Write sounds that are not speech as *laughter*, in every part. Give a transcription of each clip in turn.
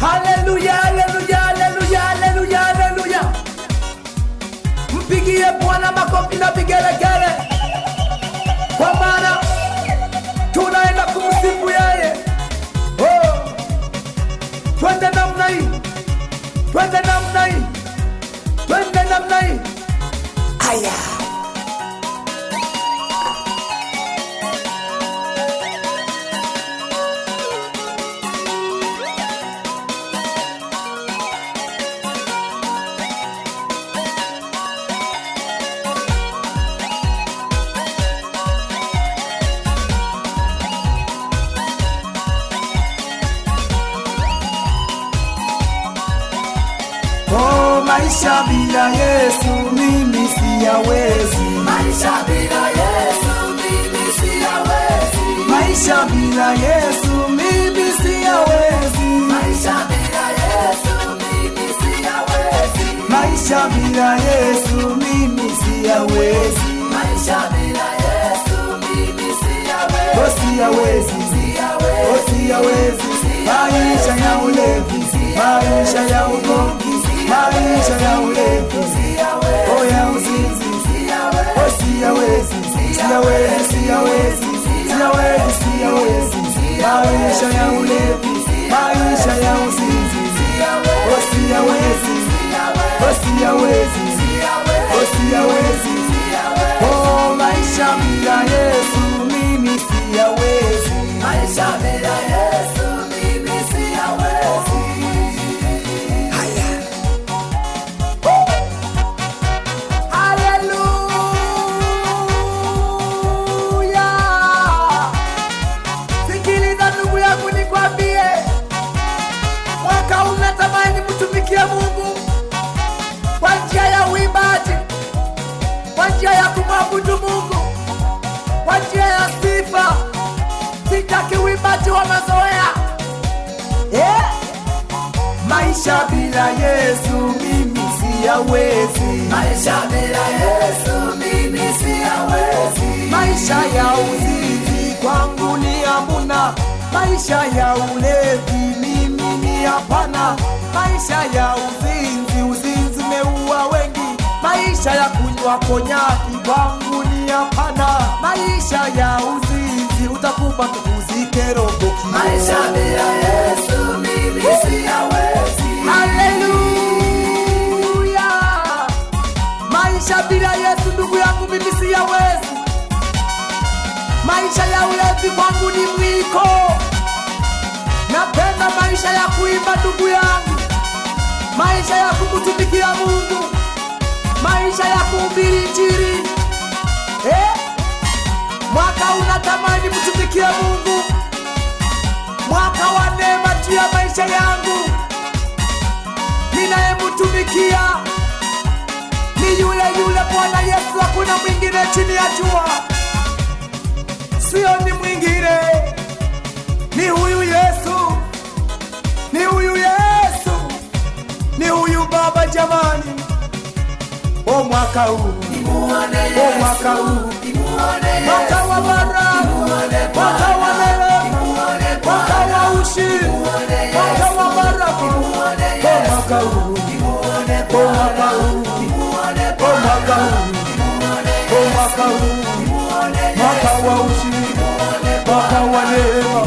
Haleluya, haleluya, haleluya, haleluya, haleluya. Mpigie Bwana makofi na vigelegele, kwa maana tunaenda kumsifu yeye. Oh, twende namna hii, twende namna hii, twende namna hii. Aya. maisha bila Yesu mimi siyawezi, maisha bila Yesu mimi siyawezi, maisha bila Yesu mimi siyawezi, maisha bila Yesu mimi siyawezi, maisha bila Yesu mimi siyawezi, maisha bila Yesu mimi siyawezi, oh siyawezi, siyawezi, oh siyawezi, maisha ya ulevi, maisha ya ugomvi maisha ya ulevi, maisha ya uzinzi, usiyawezi, usiyawezi, usiyawezi. Oh, maisha bila Yesu mimi siyawezi, maisha bila kumwabudu Mungu kwa njia ya sifa. Sitaki uimbaji wa mazoea yeah. Maisha bila Yesu mimi siyawezi, maisha bila Yesu mimi siyawezi. Maisha ya uzizi kwangu ni amuna, maisha ya ulevi mimi ni hapana, maisha ya uzinzi maisha ya kunywa konyaki kwangu ni hapana, maisha ya uzinzi utakupa tukuzike robo. Maisha bila Yesu mimi siyawezi. Haleluya! Maisha bila Yesu ndugu yangu mimi siyawezi. Maisha ya ulevi kwangu ni mwiko. Napenda maisha ya kuimba ndugu yangu, maisha ya kumtumikia Mungu maisha ya kuhubiri Injili eh? Mwaka unatamani mtumikie Mungu, mwaka wa neema juu ya maisha yangu. Ninayemtumikia ni yule yule Bwana Yesu, hakuna mwingine chini ya jua, sio ni mwingine, ni huyu Yesu, ni huyu Yesu, ni huyu Baba jamaa o mwaka huu, o mwaka huu, mwaka wa bara, mwaka wa neema, mwaka wa ushindi, mwaka wa baraka, mwaka huu, mwaka huu, mwaka huu, mwaka huu, mwaka wa ushindi, mwaka wa neema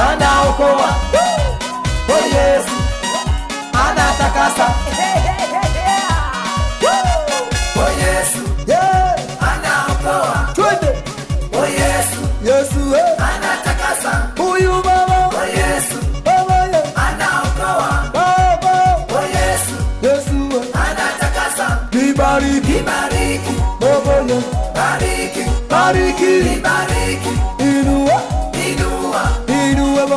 anaokoa, oh Yesu anatakasa, *laughs* oh Yesu anaokoa, oh bariki, bariki, Kigoma,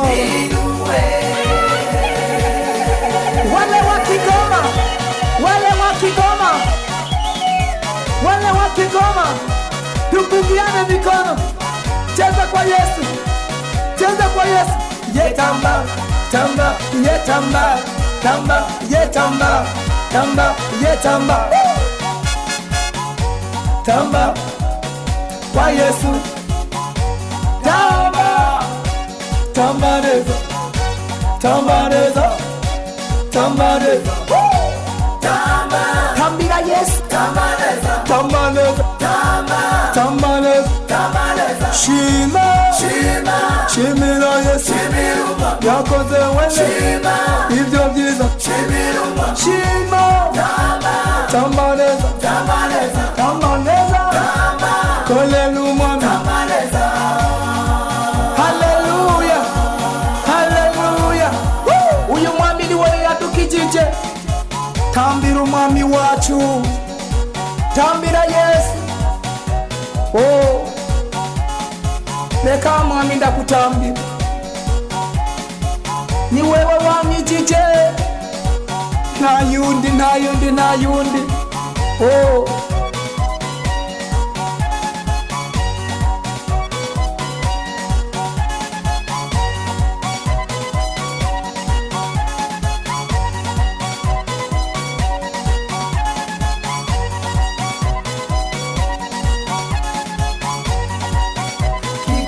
Wale wa Kigoma, wale wa Kigoma, wale wa Kigoma, tupungiane mikono, cheza kwa Yesu, cheza kwa Yesu. Ye tamba tamba, ye tamba tamba, ye tamba tamba, ye tamba tamba kwa Yesu Tambareza, Tambareza, Tambareza, Tambira yes, Tambareza, Tambareza, Tambareza, Tambareza, Shima, Shima, Shimira yes, Shimiruma, yakoze wewe, Shima, ibyo byiza, Shimiruma, Shima, Tambareza, Tambareza, Tambareza, ntambira yesu oh. leka mwami ndakutambira ni wewe wamwicije nayundi nayundi nayundi oh.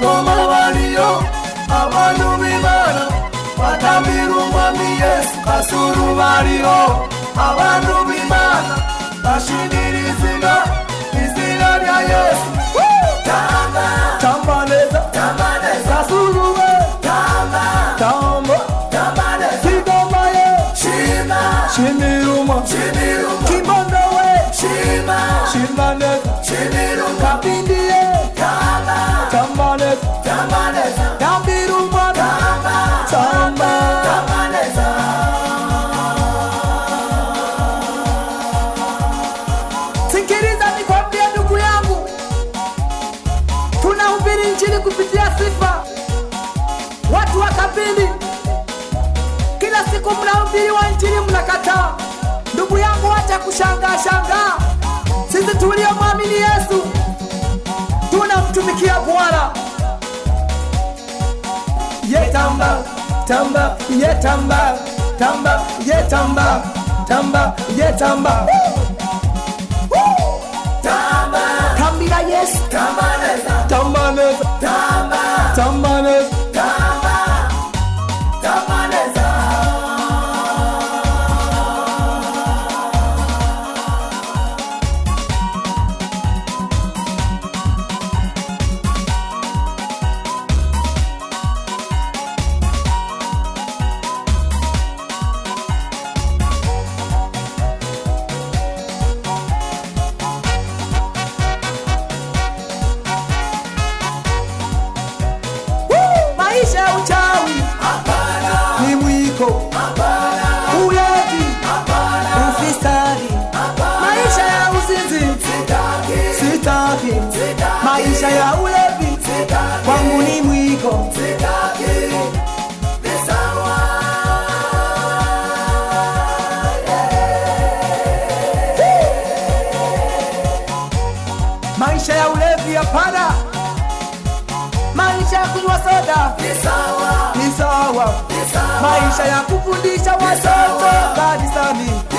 ngoma variyo avanhu vimana vatambirumwa miyesu kasuru variyo avanhu vimana vashingirizina izina rya yesu Chimiruma Chimiruma Chimbanda we Chima Chimbanda Chimiruma Kapi siku mnahubiriwa Injili mnakata. Ndugu yangu, wacha kushangaa shangaa. Sisi tuliomwamini Yesu tunamtumikia Bwana. Ye tamba tamba, ye tamba tamba, ye tamba tamba, ye tamba tambira tamba tamba tambaneza, ya ulevi kwangu ni mwiko maisha ya ulevi hapana, maisha ya kunywa soda ni sawa, maisha ya kufundisha watoto kanisani